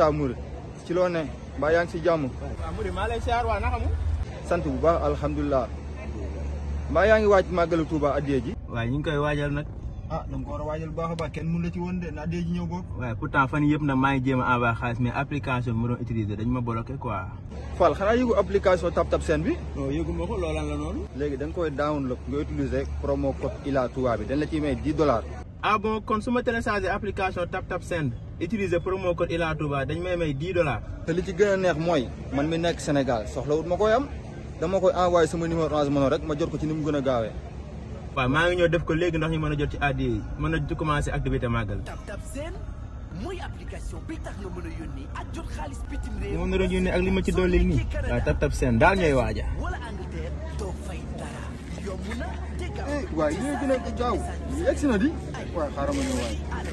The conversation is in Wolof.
Moussa Mouré ci loo ne mbaa yaa ngi si jàmm. waaw Mouré maa lay siyaar waa naka mu. sant bu baax alhamdulilah. mbaa yaa ngi waaj màggalu Touba addiya ji. waaw ñu ngi koy waajal nag. ah da ko war a waajal bu baax a baax kenn mënu la ci woon de na addiya ji ñëw boobu. waaw pourtant fan yëpp nag maa ngi jéem a envoyé xaalis mais application bi ma doon utiliser dañ ma bloqué quoi. Fall xanaa yëgu application Tap Tap Send bi. non yëgu ko loolaan la noonu. léegi da nga koy download nga utiliser promo code Ila Touba la ciy may 10 dollars. ah utiliser promo code Ila Touba dañ may may 10 dollars. li ci gën a neex mooy man mi nekk Sénégal soxlawut ma koy am dama koy envoyé sama numéro Orange Money rek ma jot ko ci ni mu gën a gaawee. waaw maa ngi ñëw def ko léegi ndax ñu mën a jot ci addi yi mën a commencé activité màggal. mooy application bi tax nga mën a yónnee ak jot xaalis bitim réew. moom ak li ma ci dolli nii. waaw tab tab seen daal ñooy waaja. wala Angleterre doo fay dara. Eh, a a ma